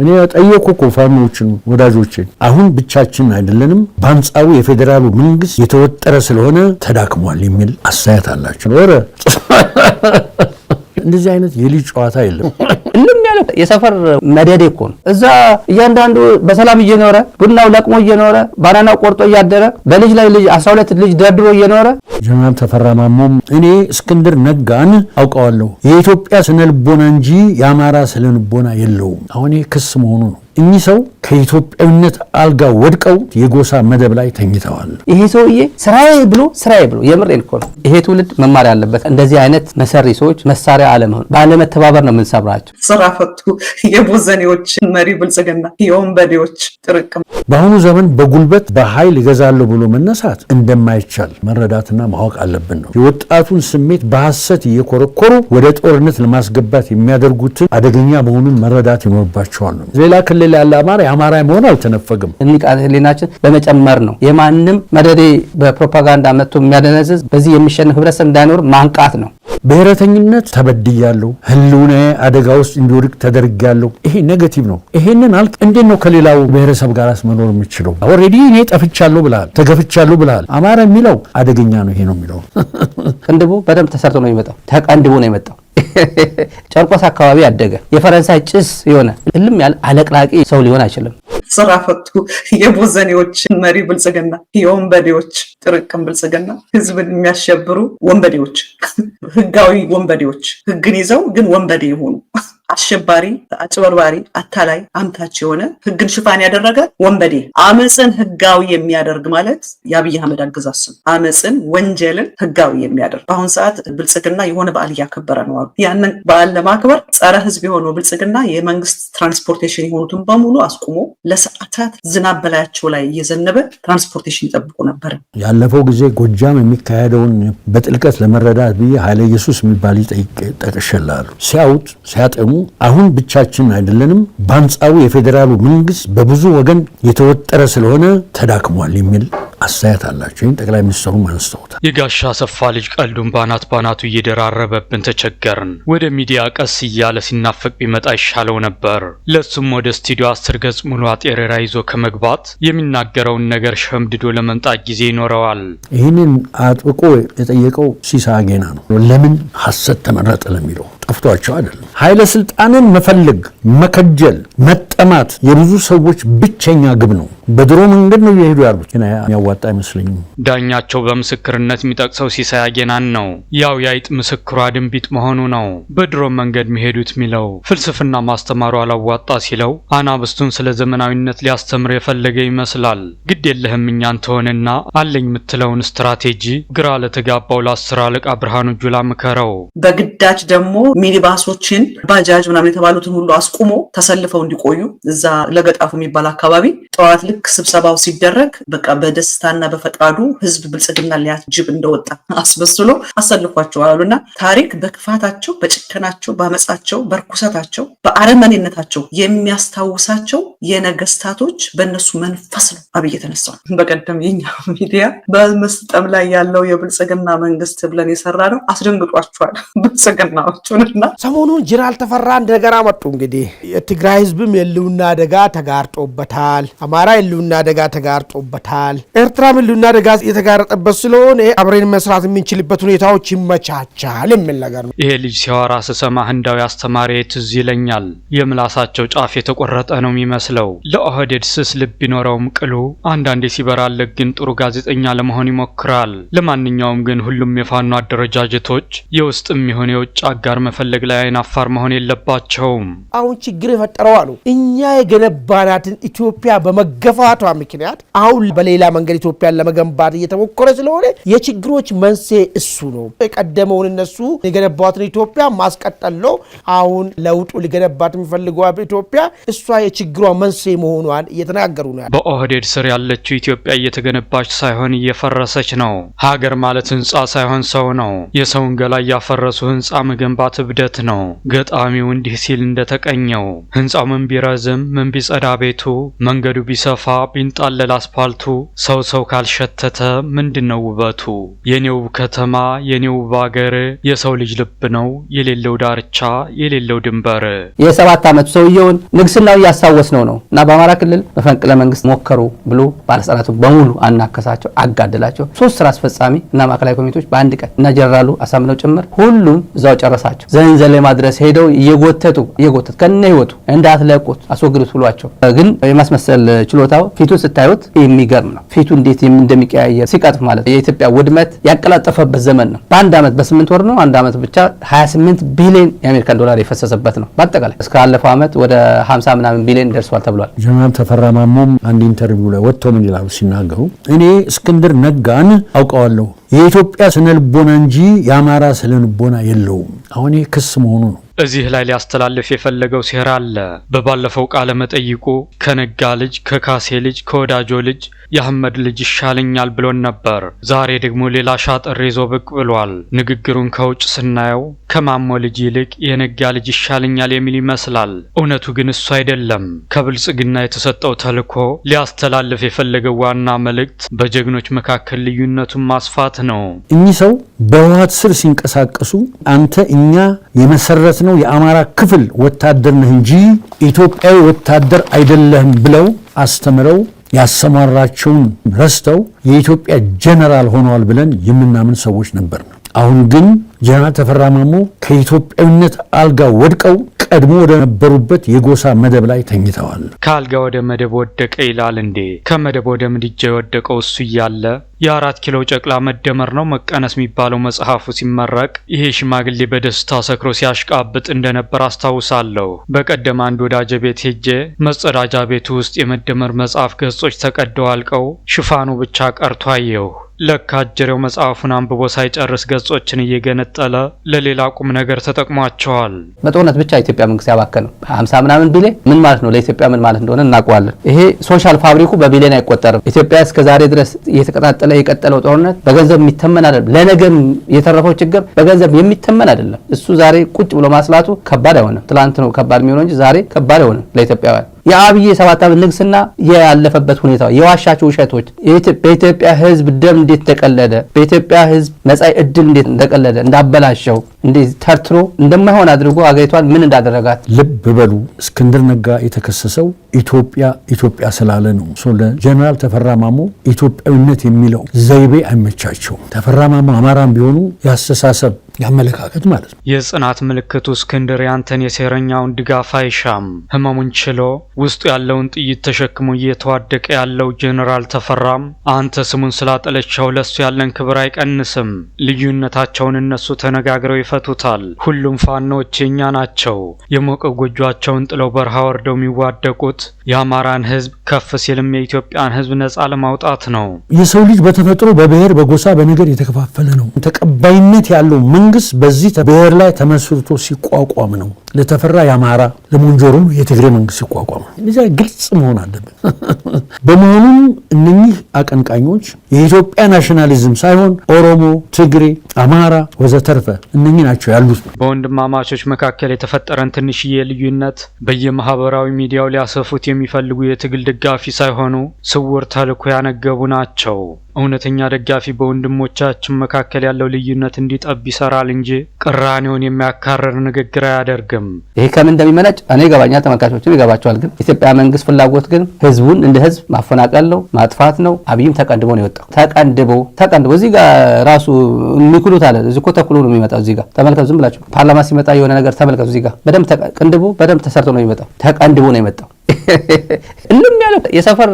እኔ ያጠየቁ እኮ ፋኖዎችን ወዳጆችን፣ አሁን ብቻችን አይደለንም፣ በአንጻሩ የፌዴራሉ መንግስት የተወጠረ ስለሆነ ተዳክሟል የሚል አስተያየት አላቸው። ወረ እንደዚህ አይነት የልጅ ጨዋታ የለም። ያለው የሰፈር መደዴ እኮ ነው። እዛ እያንዳንዱ በሰላም እየኖረ ቡናው ለቅሞ እየኖረ ባናናው ቆርጦ እያደረ በልጅ ላይ ልጅ አስራ ሁለት ልጅ ደርድሮ እየኖረ ጀነራል ተፈራ ማሞም እኔ እስክንድር ነጋን አውቀዋለሁ የኢትዮጵያ ስነልቦና እንጂ የአማራ ስነ ልቦና የለውም። አሁን ይህ ክስ መሆኑ ነው። እኚህ ሰው ከኢትዮጵያዊነት አልጋ ወድቀው የጎሳ መደብ ላይ ተኝተዋል። ይሄ ሰውዬ ስራዬ ብሎ ስራዬ ብሎ የምር ልኮ ነው። ይሄ ትውልድ መማር ያለበት እንደዚህ አይነት መሰሪ ሰዎች መሳሪያ አለመሆን፣ ባለመተባበር ነው የምንሰብራቸው። ስራ ፈቱ የቦዘኔዎች መሪ ብልጽግና የወንበዴዎች ጥርቅም። በአሁኑ ዘመን በጉልበት በኃይል እገዛለሁ ብሎ መነሳት እንደማይቻል መረዳትና ማወቅ አለብን ነው የወጣቱን ስሜት በሐሰት እየኮረኮሩ ወደ ጦርነት ለማስገባት የሚያደርጉትን አደገኛ መሆኑን መረዳት ይኖርባቸዋል ነው ሌላ ክልል ክልል ያለ አማራ የአማራ መሆን አልተነፈግም። ንቃተ ህሊናችን በመጨመር ነው። የማንም መደዴ በፕሮፓጋንዳ መጥቶ የሚያደነዝዝ በዚህ የሚሸንፍ ህብረተሰብ እንዳይኖር ማንቃት ነው። ብሔረተኝነት ተበድያለሁ፣ ህልውና አደጋ ውስጥ እንዲወድቅ ተደርጊያለሁ። ይሄ ኔጋቲቭ ነው። ይሄንን አልክ እንዴት ነው ከሌላው ብሔረሰብ ጋር መኖር የምችለው? ኦልሬዲ እኔ ጠፍቻለሁ ብልሃል፣ ተገፍቻለሁ ብልሃል። አማራ የሚለው አደገኛ ነው። ይሄ ነው የሚለው ቅንድቡ በደንብ ተሰርቶ ነው የሚመጣው፣ ተቀንድቡ ነው የመጣው። ጨርቆስ አካባቢ ያደገ የፈረንሳይ ጭስ የሆነ እልም ያለ አለቅላቂ ሰው ሊሆን አይችልም። ስራ ፈቱ የቦዘኔዎች መሪ ብልጽግና፣ የወንበዴዎች ጥርቅም ብልጽግና፣ ህዝብን የሚያሸብሩ ወንበዴዎች፣ ህጋዊ ወንበዴዎች፣ ህግን ይዘው ግን ወንበዴ የሆኑ አሸባሪ፣ አጭበርባሪ፣ አታላይ፣ አምታች የሆነ ህግን ሽፋን ያደረገ ወንበዴ። አመፅን ህጋዊ የሚያደርግ ማለት የአብይ አህመድ አገዛዝ ስም አመፅን፣ ወንጀልን ህጋዊ የሚያደርግ በአሁን ሰዓት ብልጽግና የሆነ በዓል እያከበረ ነው። ያንን በዓል ለማክበር ጸረ ህዝብ የሆነው ብልጽግና የመንግስት ትራንስፖርቴሽን የሆኑትን በሙሉ አስቁሞ ለሰዓታት ዝናብ በላያቸው ላይ እየዘነበ ትራንስፖርቴሽን ይጠብቁ ነበር። ያለፈው ጊዜ ጎጃም የሚካሄደውን በጥልቀት ለመረዳት ብዬ ኃይለ ኢየሱስ የሚባል ጠቅሸላሉ ሲያውጥ ሲያጠሙ አሁን ብቻችን አይደለንም። በአንጻሩ የፌዴራሉ መንግስት በብዙ ወገን የተወጠረ ስለሆነ ተዳክሟል የሚል አስተያየት አላቸው። ይህን ጠቅላይ ሚኒስትሩም አንስተውታል። የጋሻ አሰፋ ልጅ ቀልዱን ባናት ባናቱ እየደራረበብን ተቸገርን። ወደ ሚዲያ ቀስ እያለ ሲናፈቅ ቢመጣ ይሻለው ነበር። ለሱም ወደ ስቱዲዮ አስር ገጽ ሙሉ አጤሬራ ይዞ ከመግባት የሚናገረውን ነገር ሸምድዶ ለመምጣት ጊዜ ይኖረዋል። ይህንን አጥብቆ የጠየቀው ሲሳ አጌና ነው። ለምን ሀሰት ተመረጠ ለሚለው ጠፍቷቸው አይደለም። ኃይለ ስልጣንን መፈለግ፣ መከጀል፣ መጠማት የብዙ ሰዎች ብቸኛ ግብ ነው። በድሮ መንገድ ነው እየሄዱ ያሉት የሚያዋጣ አይመስለኝም። ዳኛቸው በምስክርነት የሚጠቅሰው ሲሳይ አጌናን ነው። ያው የአይጥ ምስክሯ ድንቢጥ መሆኑ ነው። በድሮ መንገድ የሚሄዱት የሚለው ፍልስፍና ማስተማሩ አላዋጣ ሲለው አናብስቱን ስለ ዘመናዊነት ሊያስተምር የፈለገ ይመስላል። ግድ የለህም እኛን ተሆንና አለኝ የምትለውን ስትራቴጂ ግራ ለተጋባው ለአስር አለቃ ብርሃኑ ጁላ ምከረው። በግዳጅ ደግሞ ሚኒባሶችን፣ ባጃጅ ምናምን የተባሉትን ሁሉ አስቁሞ ተሰልፈው እንዲቆዩ እዛ ለገጣፉ የሚባል አካባቢ ጠዋት ልክ ስብሰባው ሲደረግ በቃ በደስ በደስታና በፈቃዱ ህዝብ ብልጽግና ሊያጅብ እንደወጣ አስመስሎ አሰልፏቸዋል አሉና ታሪክ በክፋታቸው፣ በጭከናቸው፣ በአመፃቸው፣ በርኩሰታቸው፣ በአረመኔነታቸው የሚያስታውሳቸው የነገስታቶች በእነሱ መንፈስ ነው አብይ የተነሳው። በቀደም የኛ ሚዲያ በመስጠም ላይ ያለው የብልጽግና መንግስት ብለን የሰራ ነው አስደንግጧቸዋል ብልጽግናዎቹን እና ሰሞኑን ጄኔራል ተፈራ እንደገና መጡ። እንግዲህ የትግራይ ህዝብም የህልውና አደጋ ተጋርጦበታል፣ አማራ የህልውና አደጋ ተጋርጦበታል፣ ኤርትራም ሕልውና አደጋ የተጋረጠበት ስለሆነ አብሬን መስራት የምንችልበት ሁኔታዎች ይመቻቻል የሚል ነገር ነው። ይሄ ልጅ ሲያወራ ስሰማ ህንዳዊ አስተማሪ ትዝ ይለኛል። የምላሳቸው ጫፍ የተቆረጠ ነው የሚመስለው። ለኦህዴድ ስስ ልብ ቢኖረውም ቅሉ አንዳንዴ ሲበራለግ ግን ጥሩ ጋዜጠኛ ለመሆን ይሞክራል። ለማንኛውም ግን ሁሉም የፋኖ አደረጃጀቶች የውስጥም ይሁን የውጭ አጋር መፈለግ ላይ አይን አፋር መሆን የለባቸውም። አሁን ችግር የፈጠረው አሉ እኛ የገነባናትን ኢትዮጵያ በመገፋቷ ምክንያት አሁን በሌላ መንገድ ሀገር ኢትዮጵያን ለመገንባት እየተሞከረ ስለሆነ የችግሮች መንስኤ እሱ ነው። የቀደመውን እነሱ የገነባትን ኢትዮጵያ ማስቀጠል ነው። አሁን ለውጡ ሊገነባት የሚፈልገው ኢትዮጵያ እሷ የችግሯ መንስኤ መሆኗን እየተናገሩ ነው። በኦህዴድ ስር ያለችው ኢትዮጵያ እየተገነባች ሳይሆን እየፈረሰች ነው። ሀገር ማለት ህንፃ ሳይሆን ሰው ነው። የሰውን ገላ እያፈረሱ ህንፃ መገንባት እብደት ነው። ገጣሚው እንዲህ ሲል እንደተቀኘው ህንፃው ምን ቢረዝም ምን ቢጸዳ ቤቱ መንገዱ ቢሰፋ ቢንጣለል አስፓልቱ ሰው ሌላው ሰው ካልሸተተ ምንድን ነው ውበቱ? የኔው ከተማ የኔው አገር የሰው ልጅ ልብ ነው የሌለው ዳርቻ የሌለው ድንበር። የሰባት ዓመቱ ሰውየውን ንግስናው እያስታወስ ነው ነው እና በአማራ ክልል መፈንቅለ መንግስት ሞከሩ ብሎ ባለስልጣናቱ በሙሉ አናከሳቸው፣ አጋደላቸው። ሶስት ስራ አስፈጻሚ እና ማዕከላዊ ኮሚቴዎች በአንድ ቀን እና ጀነራሉ አሳምነው ጭምር ሁሉም እዛው ጨረሳቸው። ዘንዘሌ ማድረስ ሄደው እየጎተቱ እየጎተቱ ከነ ህይወቱ እንዳትለቁት አስወግዱት ብሏቸው፣ ግን የማስመሰል ችሎታው ፊቱ ስታዩት የሚገርም ነው ፊቱ እንዴት እንደሚቀያየር ሲቀጥፍ ማለት ነው። የኢትዮጵያ ውድመት ያቀላጠፈበት ዘመን ነው። በአንድ ዓመት በስምንት ወር ነው አንድ ዓመት ብቻ 28 ቢሊዮን የአሜሪካን ዶላር የፈሰሰበት ነው። በአጠቃላይ እስከ አለፈው ዓመት ወደ 50 ምናምን ቢሊዮን ደርሷል ተብሏል። ጀነራል ተፈራ ማሞም አንድ ኢንተርቪው ላይ ወጥቶ ምን ይላሉ ሲናገሩ እኔ እስክንድር ነጋን አውቀዋለሁ የኢትዮጵያ ስነልቦና እንጂ የአማራ ስነልቦና የለውም። አሁን ይህ ክስ መሆኑ ነው። እዚህ ላይ ሊያስተላልፍ የፈለገው ሴራ አለ። በባለፈው ቃለ መጠይቁ ከነጋ ልጅ፣ ከካሴ ልጅ፣ ከወዳጆ ልጅ የአህመድ ልጅ ይሻለኛል ብሎን ነበር። ዛሬ ደግሞ ሌላ ሻጥር ይዞ ብቅ ብሏል። ንግግሩን ከውጭ ስናየው ከማሞ ልጅ ይልቅ የነጋ ልጅ ይሻለኛል የሚል ይመስላል። እውነቱ ግን እሱ አይደለም። ከብልጽግና የተሰጠው ተልዕኮ ሊያስተላልፍ የፈለገው ዋና መልእክት በጀግኖች መካከል ልዩነቱን ማስፋት ነው። እኚህ ሰው በህወሓት ስር ሲንቀሳቀሱ አንተ እኛ የመሰረት ነው የአማራ ክፍል ወታደር ነህ እንጂ ኢትዮጵያዊ ወታደር አይደለህም ብለው አስተምረው ያሰማራቸውን ረስተው የኢትዮጵያ ጀነራል ሆነዋል ብለን የምናምን ሰዎች ነበር። አሁን ግን ጀነራል ተፈራ ማሞ ከኢትዮጵያዊነት አልጋ ወድቀው ቀድሞ ወደ ነበሩበት የጎሳ መደብ ላይ ተኝተዋል። ከአልጋ ወደ መደብ ወደቀ ይላል እንዴ? ከመደብ ወደ ምድጃ የወደቀው እሱ እያለ የአራት ኪሎ ጨቅላ መደመር ነው መቀነስ የሚባለው መጽሐፉ ሲመረቅ ይሄ ሽማግሌ በደስታ ሰክሮ ሲያሽቃብጥ እንደነበር አስታውሳለሁ። በቀደም አንድ ወዳጀ ቤት ሄጄ መጸዳጃ ቤቱ ውስጥ የመደመር መጽሐፍ ገጾች ተቀደው አልቀው ሽፋኑ ብቻ ቀርቶ አየሁ። ለካ አጀሬው መጽሐፉን አንብቦ ሳይጨርስ ገጾችን እየገነጠለ ለሌላ ቁም ነገር ተጠቅሟቸዋል። በጦርነት ብቻ ኢትዮጵያ መንግስት ያባከነው ሀምሳ ምናምን ቢሌ ምን ማለት ነው? ለኢትዮጵያ ምን ማለት እንደሆነ እናውቀዋለን። ይሄ ሶሻል ፋብሪኩ በቢሊዮን አይቆጠርም። ኢትዮጵያ እስከ ዛሬ ድረስ እየተቀጣጠለ የቀጠለው ጦርነት በገንዘብ የሚተመን አይደለም። ለነገም የተረፈው ችግር በገንዘብ የሚተመን አይደለም። እሱ ዛሬ ቁጭ ብሎ ማስላቱ ከባድ አይሆንም። ትላንት ነው ከባድ የሚሆነው እንጂ ዛሬ ከባድ አይሆንም ለኢትዮጵያውያን የአብይ የሰባት ዓመት ንግስና ያለፈበት ሁኔታ የዋሻቸው ውሸቶች በኢትዮጵያ ህዝብ ደም እንዴት ተቀለደ፣ በኢትዮጵያ ህዝብ መጻኢ እድል እንዴት እንደቀለደ እንዳበላሸው እንዴት ተርትሮ እንደማይሆን አድርጎ አገሪቷን ምን እንዳደረጋት ልብ በሉ። እስክንድር ነጋ የተከሰሰው ኢትዮጵያ ኢትዮጵያ ስላለ ነው። ለጀኔራል ተፈራ ማሞ ኢትዮጵያዊነት የሚለው ዘይቤ አይመቻቸውም። ተፈራ ማሞ አማራም ቢሆኑ የአስተሳሰብ ያመለካከት ማለት ነው። የጽናት ምልክቱ እስክንድር ያንተን የሴረኛውን ድጋፍ አይሻም። ህመሙን ችሎ ውስጡ ያለውን ጥይት ተሸክሞ እየተዋደቀ ያለው ጄኔራል ተፈራም አንተ ስሙን ስላጠለቸው ለሱ ያለን ክብር አይቀንስም። ልዩነታቸውን እነሱ ተነጋግረው ይፈቱታል። ሁሉም ፋኖች የእኛ ናቸው። የሞቀ ጎጇቸውን ጥለው በረሃ ወርደው የሚዋደቁት የአማራን ህዝብ ከፍ ሲልም የኢትዮጵያን ህዝብ ነጻ ለማውጣት ነው። የሰው ልጅ በተፈጥሮ በብሔር በጎሳ በነገር የተከፋፈለ ነው። ተቀባይነት ያለው ምን መንግስት በዚህ ብሔር ላይ ተመስርቶ ሲቋቋም ነው። ለተፈራ የአማራ ለሞንጆሮም የትግሬ መንግስት ሲቋቋም ነው። እዚያ ግልጽ መሆን አለብን። በመሆኑም እነኚህ አቀንቃኞች የኢትዮጵያ ናሽናሊዝም ሳይሆን ኦሮሞ፣ ትግሬ፣ አማራ ወዘተርፈ እነኚህ ናቸው ያሉት። በወንድማማቾች መካከል የተፈጠረን ትንሽዬ ልዩነት በየማህበራዊ ሚዲያው ሊያሰፉት የሚፈልጉ የትግል ደጋፊ ሳይሆኑ ስውር ተልኮ ያነገቡ ናቸው። እውነተኛ ደጋፊ በወንድሞቻችን መካከል ያለው ልዩነት እንዲጠብ ይሰራል እንጂ ቅራኔውን የሚያካርር ንግግር አያደርግም። ይህ ከምን እንደሚመነጭ እኔ ይገባኛ፣ ተመልካቾችም ይገባቸዋል። ግን የኢትዮጵያ መንግስት ፍላጎት ግን ህዝቡን እንደ ህዝብ ማፈናቀል ነው፣ ማጥፋት ነው። አብይም ተቀድሞ ነው የወጣው። ተቀንድቦ ተቀንድቦ እዚህ ጋር ራሱ የሚክሉት አለ። እዚህ እኮ ተኩሎ ነው የሚመጣው። እዚህ ጋር ተመልከቱ፣ ዝም ብላችሁ ፓርላማ ሲመጣ የሆነ ነገር ተመልከቱ። እዚህ ጋር በደንብ ተቀንድቦ በደንብ ተሰርቶ ነው የሚመጣው። ተቀንድቦ ነው የመጣው። እልም ያለ የሰፈር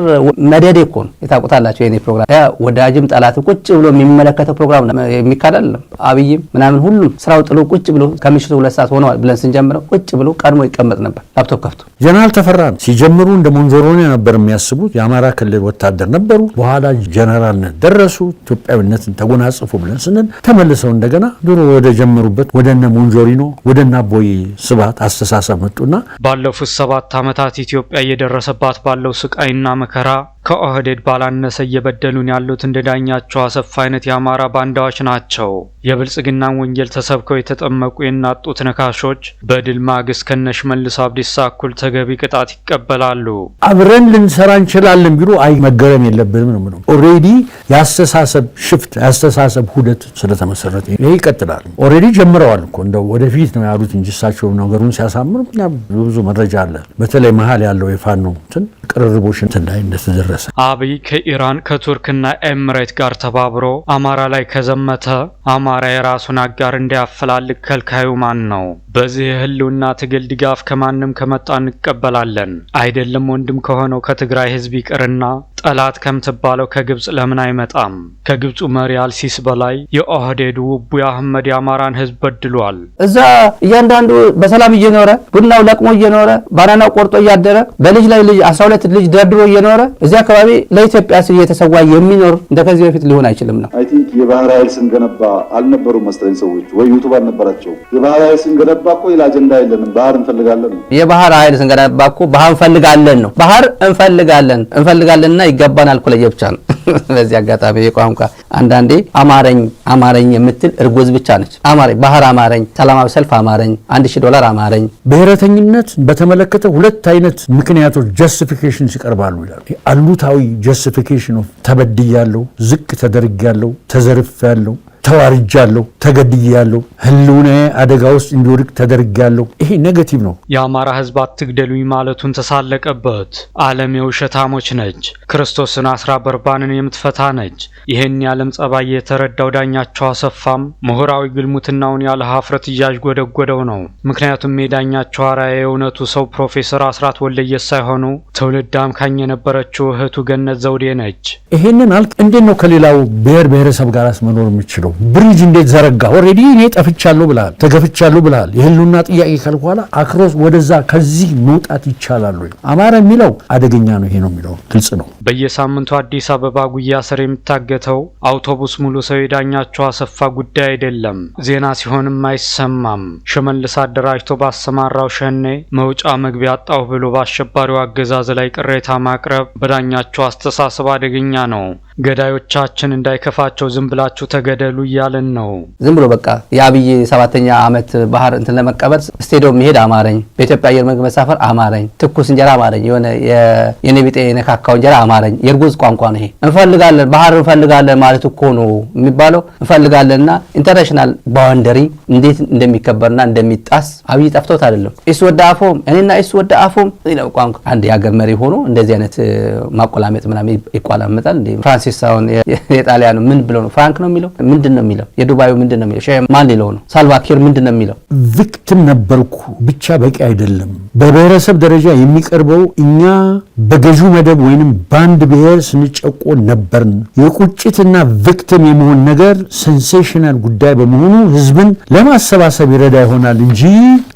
መደዴ እኮ ነው። የታውቁታላቸው የኔ ፕሮግራም ወዳጅም ጠላት ቁጭ ብሎ የሚመለከተው ፕሮግራም የሚካዳል። አብይም ምናምን ሁሉም ስራው ጥሎ ቁጭ ብሎ ከምሽቱ ሁለት ሰዓት ሆነዋል ብለን ስንጀምረው ቁጭ ብሎ ቀድሞ ይቀመጥ ነበር ላፕቶፕ ከፍቶ። ጀነራል ተፈራ ሲጀምሩ እንደ ሞንዞሮኒ ነበር የሚያስቡት። የአማራ ክልል ወታደር ነበሩ። በኋላ ጀነራልነት ደረሱ። ኢትዮጵያዊነትን ተጎናጽፉ ብለን ስንል ተመልሰው እንደገና ድሮ ወደ ጀመሩበት ወደነ ሞንጆሪኖ ወደነ አቦይ ስብሃት አስተሳሰብ መጡና ባለፉት ሰባት ዓመታት ኢትዮ ኢትዮጵያ እየደረሰባት ባለው ስቃይና መከራ ከኦህዴድ ባላነሰ እየበደሉን ያሉት እንደ ዳኛቸው አሰፋ አይነት የአማራ ባንዳዎች ናቸው። የብልጽግናን ወንጀል ተሰብከው የተጠመቁ የናጡ ትነካሾች በድል ማግስት መልሶ አብዲሳ እኩል ተገቢ ቅጣት ይቀበላሉ። አብረን ልንሰራ እንችላለን ቢሉ አይ መገረም የለብንም ነው ምነው። ኦልሬዲ የአስተሳሰብ ሽፍት የአስተሳሰብ ሁደት ስለተመሰረተ ይሄ ይቀጥላል። ኦልሬዲ ጀምረዋል እኮ እንደው ወደፊት ነው ያሉት እንጂ እሳቸው ነገሩን ሲያሳምሩ ብዙ መረጃ አለ። በተለይ መሀል ያለው የፋኖ እንትን ቅርርቦች እንትን ላይ እንደተደረ ደረሰ። አብይ ከኢራን ከቱርክና ኤምሬት ጋር ተባብሮ አማራ ላይ ከዘመተ አማራ የራሱን አጋር እንዲያፈላልግ ከልካዩ ማን ነው? በዚህ የህልውና ትግል ድጋፍ ከማንም ከመጣ እንቀበላለን። አይደለም ወንድም ከሆነው ከትግራይ ህዝብ ይቅርና ጠላት ከምትባለው ከግብፅ ለምን አይመጣም? ከግብፁ መሪ አልሲስ በላይ የኦህዴዱ ውቡ አህመድ የአማራን ህዝብ በድሏል። እዛ እያንዳንዱ በሰላም እየኖረ ቡናው ለቅሞ እየኖረ ባናናው ቆርጦ እያደረ በልጅ ላይ ልጅ አስራ ልጅ ደርድሮ እየኖረ እዚህ አካባቢ ለኢትዮጵያ ስል እየተሰዋ የሚኖር እንደ ከዚህ በፊት ሊሆን አይችልም ነው። አይ ቲንክ የባህር ኃይል ስንገነባ አልነበሩም መሰለኝ ሰዎች ወይ ዩቱብ አልነበራቸው የባህር ኃይል ስንገነባ ስንገነባ እኮ ሌላ አጀንዳ የለንም። ባህር እንፈልጋለን ነው የባህር ኃይል ስንገነባ እኮ ባህር እንፈልጋለን ነው ባህር እንፈልጋለን እንፈልጋለንና ይገባናል እኮ ለየብቻ ነው። በዚህ አጋጣሚ የቋንቋ አንዳንዴ አማረኝ አማረኝ የምትል እርጎዝ ብቻ ነች። አማረኝ ባህር አማረኝ፣ ሰላማዊ ሰልፍ አማረኝ፣ አንድ ሺህ ዶላር አማረኝ። ብሔረተኝነት በተመለከተ ሁለት አይነት ምክንያቶች ጀስቲፊኬሽን ይቀርባሉ ይላሉ። አሉታዊ ጀስቲፊኬሽን ተበድያለሁ፣ ዝቅ ተደርጊያለሁ፣ ተዘርፌያለሁ ተዋርጃለሁ፣ ተገድያለሁ፣ ህልውና አደጋ ውስጥ እንዲወድቅ ተደርጊያለሁ። ይሄ ኔጌቲቭ ነው። የአማራ ህዝብ አትግደሉኝ ማለቱን ተሳለቀበት። ዓለም የውሸታሞች ነች፣ ክርስቶስን አስራ በርባንን የምትፈታ ነች። ይህን የዓለም ጸባይ የተረዳው ዳኛቸው አሰፋም ምሁራዊ ግልሙትናውን ያለ ሀፍረት እያዥጎደጎደው ነው። ምክንያቱም የዳኛቸው አርአያ የእውነቱ ሰው ፕሮፌሰር አስራት ወልደየስ ሳይሆኑ ትውልድ አምካኝ የነበረችው እህቱ ገነት ዘውዴ ነች። ይህንን አልክ እንዴት ነው ከሌላው ብሔር ብሔረሰብ ጋር መኖር የምችለው? ብሪጅ እንዴት ዘረጋ? ኦልሬዲ እኔ ጠፍቻለሁ ብልሃል፣ ተገፍቻለሁ ብልሃል። የህልውና ጥያቄ ካልኩ በኋላ አክሮስ ወደዛ ከዚህ መውጣት ይቻላሉ። አማራ የሚለው አደገኛ ነው ይሄ ነው የሚለው ግልጽ ነው። በየሳምንቱ አዲስ አበባ ጉያ ስር የሚታገተው አውቶቡስ ሙሉ ሰው የዳኛቸው አሰፋ ጉዳይ አይደለም፣ ዜና ሲሆንም አይሰማም። ሽመልስ አደራጅቶ ባሰማራው ሸኔ መውጫ መግቢያ አጣሁ ብሎ በአሸባሪው አገዛዝ ላይ ቅሬታ ማቅረብ በዳኛቸው አስተሳሰብ አደገኛ ነው። ገዳዮቻችን እንዳይከፋቸው ዝም ብላችሁ ተገደሉ ይችላሉ እያለን ነው። ዝም ብሎ በቃ የአብይ ሰባተኛ ዓመት ባህር እንትን ለመቀበል ስቴዲየም መሄድ አማረኝ፣ በኢትዮጵያ አየር መንገድ መሳፈር አማረኝ፣ ትኩስ እንጀራ አማረኝ፣ የሆነ የኔቢጤ የነካካው እንጀራ አማረኝ። የእርጉዝ ቋንቋ ነው ይሄ። እንፈልጋለን ባህር እንፈልጋለን ማለት እኮ ነው የሚባለው። እንፈልጋለንና ኢንተርናሽናል ባውንደሪ እንዴት እንደሚከበርና እንደሚጣስ አብይ ጠፍቶት አይደለም። ኢስ ወደ አፎም እኔና ኢስ ወደ አፎም ሌላው ቋንቋ አንድ የሀገር መሪ ሆኖ እንደዚህ አይነት ማቆላመጥ ምናምን ይቆላመጣል። ፍራንሲስ አሁን የጣሊያኑ ምን ብሎ ነው ፍራንክ ነው የሚለው ምንድን ምንድን ነው የሚለው? የዱባዩ ምንድን ነው የሚለው? ሼህ ማን ሊለው ነው? ሳልቫኪር ምንድን ነው የሚለው? ቪክትም ነበርኩ ብቻ በቂ አይደለም። በብሔረሰብ ደረጃ የሚቀርበው እኛ በገዢው መደብ ወይንም በአንድ ብሔር ስንጨቆ ነበርን። የቁጭትና ቪክትም የመሆን ነገር ሴንሴሽናል ጉዳይ በመሆኑ ህዝብን ለማሰባሰብ ይረዳ ይሆናል እንጂ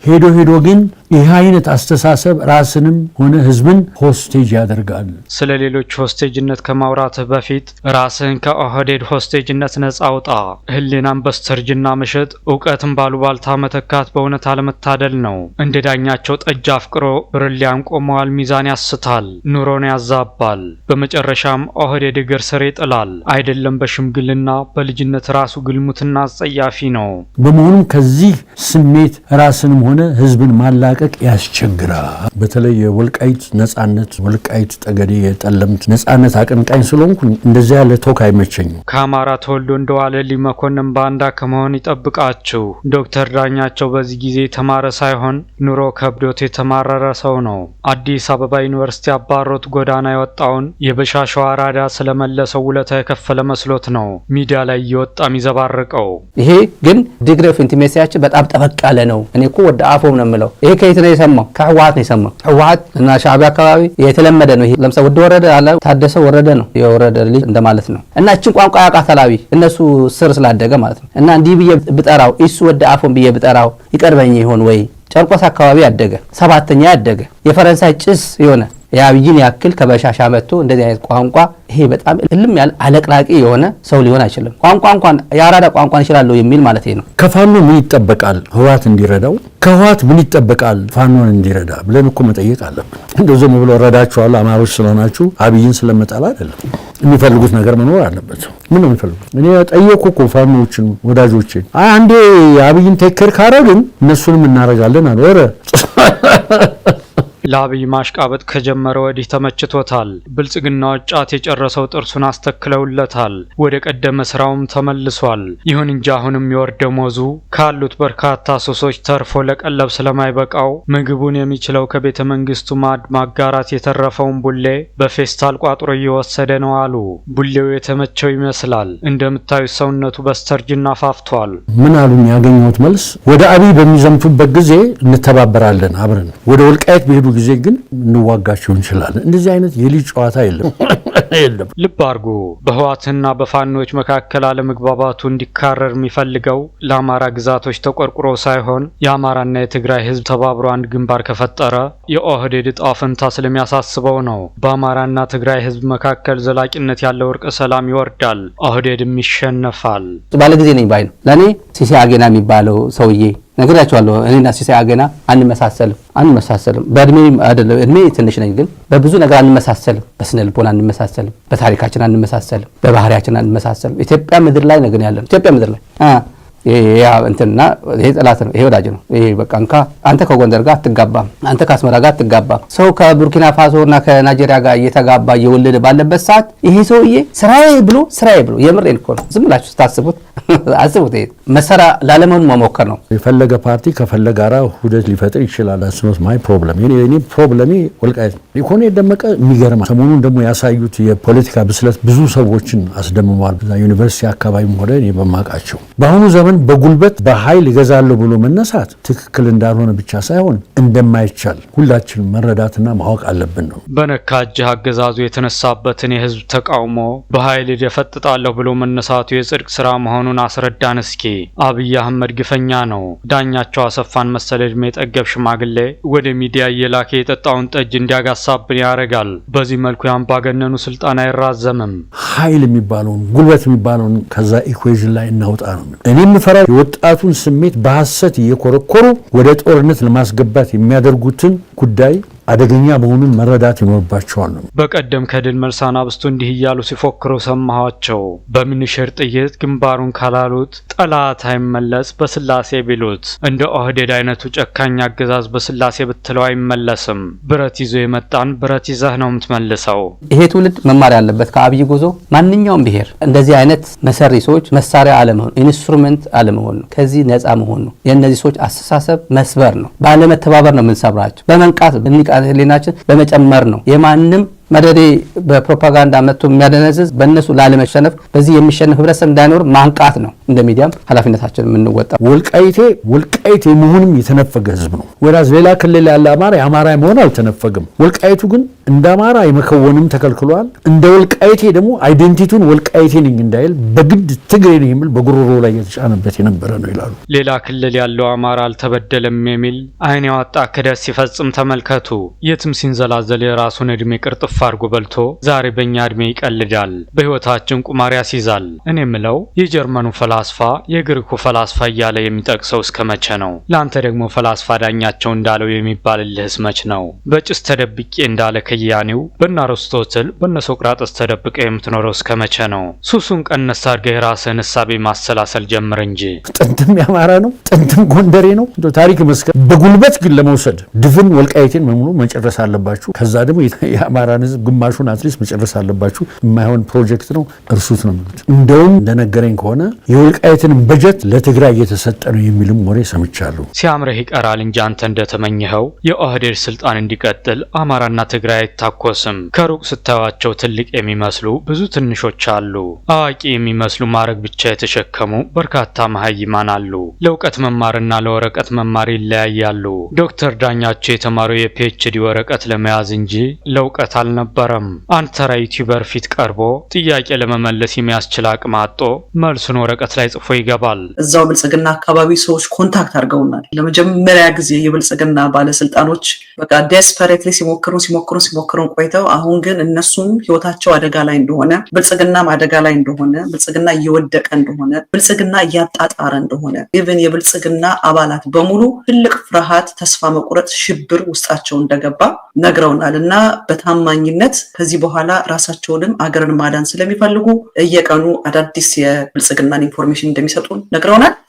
ሄዶ ሄዶ ግን ይህ አይነት አስተሳሰብ ራስንም ሆነ ህዝብን ሆስቴጅ ያደርጋል። ስለ ሌሎች ሆስቴጅነት ከማውራትህ በፊት ራስህን ከኦህዴድ ሆስቴጅነት ነጻ አውጣ። ህሊናን በስተርጅና መሸጥ፣ እውቀትን ባሉባልታ መተካት በእውነት አለመታደል ነው። እንደ ዳኛቸው ጠጅ አፍቅሮ ብርሊያን ቆመዋል። ሚዛን ያስታል፣ ኑሮን ያዛባል። በመጨረሻም ኦህዴድ እግር ስር ይጥላል። አይደለም በሽምግልና በልጅነት ራሱ ግልሙትና አጸያፊ ነው። በመሆኑም ከዚህ ስሜት ራስንም ሆነ ህዝብን ማላቀ ለመላቀቅ ያስቸግራል። በተለይ የወልቃይት ነጻነት ወልቃይት ጠገዴ የጠለምት ነጻነት አቀንቃኝ ስለሆንኩ እንደዚያ ያለ ቶክ አይመቸኝም። ከአማራ ተወልዶ እንደዋለ መኮንን ባንዳ ከመሆን ይጠብቃችሁ። ዶክተር ዳኛቸው በዚህ ጊዜ የተማረ ሳይሆን ኑሮ ከብዶት የተማረረ ሰው ነው። አዲስ አበባ ዩኒቨርሲቲ አባሮት ጎዳና የወጣውን የበሻሸው አራዳ ስለመለሰው ውለታ የከፈለ መስሎት ነው ሚዲያ ላይ እየወጣ የሚዘባርቀው። ይሄ ግን ዲግሪ ኦፍ ኢንቲሜሲያችን በጣም ጠበቅ ያለ ነው። እኔ እኮ ወደ አፎም ነው የምለው ይሄ ከየት ነው የሰማው? ከህወሀት ነው የሰማው። ህወሀት እና ሻዕቢያ አካባቢ የተለመደ ነው ይሄ። ለምሳሌ ወደ ወረደ አለ ታደሰ ወረደ ነው የወረደ ልጅ እንደማለት ነው። እና እችን ቋንቋ ያውቃታል እነሱ ስር ስላደገ ማለት ነው። እና እንዲህ ብዬ ብጠራው ኢሱ ወደ አፎን ብዬ ብጠራው ይቀርበኝ ይሆን ወይ? ጨርቆስ አካባቢ ያደገ ሰባተኛ ያደገ የፈረንሳይ ጭስ የሆነ የአብይን ያክል ከበሻሻ መጥቶ እንደዚህ አይነት ቋንቋ ይሄ በጣም እልም ያለ አለቅላቂ የሆነ ሰው ሊሆን አይችልም። ቋንቋ እንኳን የአራዳ ቋንቋን ይችላለሁ የሚል ማለት ነው። ከፋኖ ምን ይጠበቃል ህወሓት እንዲረዳው? ከህወሓት ምን ይጠበቃል ፋኖን እንዲረዳ ብለን እኮ መጠየቅ አለብን። እንደ ዝም ብሎ እረዳችኋለሁ አማሮች ስለሆናችሁ አብይን ስለመጣል አይደለም። የሚፈልጉት ነገር መኖር አለበት። ምን ነው የሚፈልጉት? እኔ ጠየቁ እኮ ፋኖዎችን ወዳጆችን፣ አንዴ አብይን ቴክር ካረግን እነሱንም እናደርጋለን አለ ለአብይ ማሽቃበጥ ከጀመረ ወዲህ ተመችቶታል። ብልጽግናዎች ጫት የጨረሰው ጥርሱን አስተክለውለታል። ወደ ቀደመ ስራውም ተመልሷል። ይሁን እንጂ አሁንም የወር ደመወዙ ካሉት በርካታ ሱሶች ተርፎ ለቀለብ ስለማይበቃው ምግቡን የሚችለው ከቤተ መንግስቱ ማዕድ ማጋራት የተረፈውን ቡሌ በፌስታል ቋጥሮ እየወሰደ ነው አሉ። ቡሌው የተመቸው ይመስላል። እንደምታዩት ሰውነቱ በስተርጅና ፋፍቷል። ምን አሉኝ? ያገኘሁት መልስ ወደ አብይ በሚዘምቱበት ጊዜ እንተባበራለን አብረን ወደ ወልቃየት በሄዱ ጊዜ ጊዜ ግን እንዋጋቸው እንችላለን። እንደዚህ አይነት የልጅ ጨዋታ የለም የለም። ልብ አድርጎ በህዋትና በፋኖች መካከል አለመግባባቱ እንዲካረር የሚፈልገው ለአማራ ግዛቶች ተቆርቁሮ ሳይሆን የአማራና የትግራይ ህዝብ ተባብሮ አንድ ግንባር ከፈጠረ የኦህዴድ እጣ ፈንታ ስለሚያሳስበው ነው። በአማራና ትግራይ ህዝብ መካከል ዘላቂነት ያለው እርቀ ሰላም ይወርዳል፣ ኦህዴድም ይሸነፋል። ባለጊዜ ነኝ ባይ ነው ለእኔ ሲሲ አጌና የሚባለው ሰውዬ ነግሬያቸዋለሁ። እኔና ሲሳይ አገና አንመሳሰልም አንመሳሰልም። በእድሜ አይደለም፣ እድሜ ትንሽ ነኝ፣ ግን በብዙ ነገር አንመሳሰልም። በስነ ልቦና አንመሳሰልም፣ በታሪካችን አንመሳሰልም፣ በባህሪያችን አንመሳሰልም። ኢትዮጵያ ምድር ላይ ነግን ያለን ኢትዮጵያ ምድር ላይ እንትና ይሄ ጠላት ነው፣ ይሄ ወዳጅ ነው። ይሄ በቃ እንካ አንተ ከጎንደር ጋር አትጋባም፣ አንተ ከአስመራ ጋር አትጋባም። ሰው ከቡርኪና ፋሶ እና ከናይጄሪያ ጋር እየተጋባ እየወለደ ባለበት ሰዓት ይሄ ሰውዬ ስራዬ ብሎ ስራዬ ብሎ የምሬን እኮ ነው። ዝም ብላችሁ ስታስቡት አስቡት፣ ይሄ መሰራ ላለመሆኑ መሞከር ነው። የፈለገ ፓርቲ ከፈለገ ጋራ ሁደት ሊፈጥር ይችላል። አስኖት ማይ ፕሮብለም የኔ ፕሮብለሜ ወልቃይት ኢኮኖ የደመቀ የሚገርማ ሰሞኑን ደግሞ ያሳዩት የፖለቲካ ብስለት ብዙ ሰዎችን አስደምሟል። ዩኒቨርሲቲ አካባቢም ሆነ በማውቃቸው በአሁኑ ዘመን ሰውን በጉልበት በኃይል ይገዛለሁ ብሎ መነሳት ትክክል እንዳልሆነ ብቻ ሳይሆን እንደማይቻል ሁላችን መረዳትና ማወቅ አለብን ነው። በነካ እጅህ አገዛዙ የተነሳበትን የህዝብ ተቃውሞ በኃይል ደፈጥጣለሁ ብሎ መነሳቱ የጽድቅ ስራ መሆኑን አስረዳን። እስኪ አብይ አህመድ ግፈኛ ነው። ዳኛቸው አሰፋን መሰለ እድሜ ጠገብ ሽማግሌ ወደ ሚዲያ እየላከ የጠጣውን ጠጅ እንዲያጋሳብን ያደርጋል። በዚህ መልኩ የአምባገነኑ ስልጣን አይራዘምም። ኃይል የሚባለውን ጉልበት የሚባለውን ከዛ ኢኩዌዥን ላይ እናውጣ ነው። ፈራ የወጣቱን ስሜት በሐሰት እየኮረኮሩ ወደ ጦርነት ለማስገባት የሚያደርጉትን ጉዳይ አደገኛ መሆኑን መረዳት ይኖርባቸዋል ነው። በቀደም ከድል መርሳን አብስቶ እንዲህ እያሉ ሲፎክረው ሰማኋቸው። በምንሽር ጥይት ግንባሩን ካላሉት ጠላት አይመለስ በስላሴ ቢሉት። እንደ ኦህዴድ አይነቱ ጨካኝ አገዛዝ በስላሴ ብትለው አይመለስም። ብረት ይዞ የመጣን ብረት ይዘህ ነው የምትመልሰው። ይሄ ትውልድ መማር ያለበት ከአብይ ጉዞ ማንኛውም ብሄር እንደዚህ አይነት መሰሪ ሰዎች መሳሪያ አለመሆን ኢንስትሩመንት ነው። ከዚህ መሆን ነው። የእነዚህ ሰዎች አስተሳሰብ መስበር ነው። ባለመተባበር ነው የምንሰብራቸው በመንቃት ንቃተ ህሊናችን በመጨመር ነው የማንም መደዴ በፕሮፓጋንዳ መጥቶ የሚያደነዝዝ በእነሱ ላለመሸነፍ በዚህ የሚሸነፍ ህብረተሰብ እንዳይኖር ማንቃት ነው። እንደ ሚዲያም ኃላፊነታችን የምንወጣ ወልቃይቴ ወልቃይቴ መሆንም የተነፈገ ህዝብ ነው። ወራዝ ሌላ ክልል ያለ አማራ የአማራ መሆን አልተነፈግም። ወልቃይቱ ግን እንደ አማራ የመከወንም ተከልክሏል። እንደ ወልቃይቴ ደግሞ አይደንቲቱን ወልቃይቴ ነኝ እንዳይል በግድ ትግሬ ነው የሚል በጉሮሮ ላይ የተጫነበት የነበረ ነው ይላሉ። ሌላ ክልል ያለው አማራ አልተበደለም የሚል አይን ያወጣ ክደት ሲፈጽም ተመልከቱ። የትም ሲንዘላዘል የራሱን እድሜ ቅርጥፍ አድርጎ በልቶ ዛሬ በእኛ ዕድሜ ይቀልዳል፣ በህይወታችን ቁማር ያስይዛል። እኔ ምለው የጀርመኑ ፈላስፋ የግሪኩ ፈላስፋ እያለ የሚጠቅሰው እስከ መቼ ነው? ለአንተ ደግሞ ፈላስፋ ዳኛቸው እንዳለው የሚባልልህስ መች ነው? በጭስ ተደብቄ እንዳለ ከያኔው በነ አርስቶትል በነ ሶቅራጥስ ተደብቀ የምትኖረው እስከ መቼ ነው? ሱሱን ቀነስ አድርገህ የራስህን እሳቤ ማሰላሰል ጀምር እንጂ። ጥንትም ያማራ ነው፣ ጥንትም ጎንደሬ ነው። ታሪክ መስከ በጉልበት ግን ለመውሰድ ድፍን ወልቃይቴን መሙሉ መጨረስ አለባችሁ። ከዛ ደግሞ የአማራ ህዝብ ግማሹን አትሊስት መጨረስ አለባችሁ። የማይሆን ፕሮጀክት ነው፣ እርሱት ነው የሚሉት። እንደውም እንደነገረኝ ከሆነ የወልቃይትንም በጀት ለትግራይ እየተሰጠ ነው የሚልም ወሬ ሰምቻለሁ። ሲያምረህ ይቀራል እንጂ አንተ እንደተመኘኸው የኦህዴድ ስልጣን እንዲቀጥል አማራና ትግራይ አይታኮስም። ከሩቅ ስታዩቸው ትልቅ የሚመስሉ ብዙ ትንሾች አሉ። አዋቂ የሚመስሉ ማድረግ ብቻ የተሸከሙ በርካታ መሀይማን አሉ። ለእውቀት መማርና ለወረቀት መማር ይለያያሉ። ዶክተር ዳኛቸው የተማረው የፒኤችዲ ወረቀት ለመያዝ እንጂ ለእውቀት አልነ አልነበረም። አንተራ ዩቲዩበር ፊት ቀርቦ ጥያቄ ለመመለስ የሚያስችል አቅም አጦ መልሱን ወረቀት ላይ ጽፎ ይገባል። እዛው ብልጽግና አካባቢ ሰዎች ኮንታክት አድርገውናል። ለመጀመሪያ ጊዜ የብልጽግና ባለስልጣኖች በቃ ዴስፐሬትሊ ሲሞክሩን ሲሞክሩን ሲሞክሩን ቆይተው አሁን ግን እነሱም ህይወታቸው አደጋ ላይ እንደሆነ ብልጽግናም አደጋ ላይ እንደሆነ ብልጽግና እየወደቀ እንደሆነ ብልጽግና እያጣጣረ እንደሆነ ኢቭን የብልጽግና አባላት በሙሉ ትልቅ ፍርሃት፣ ተስፋ መቁረጥ፣ ሽብር ውስጣቸው እንደገባ ነግረውናል እና በታማኝ በዋነኝነት ከዚህ በኋላ ራሳቸውንም አገርን ማዳን ስለሚፈልጉ እየቀኑ አዳዲስ የብልጽግናን ኢንፎርሜሽን እንደሚሰጡ ነግረውናል።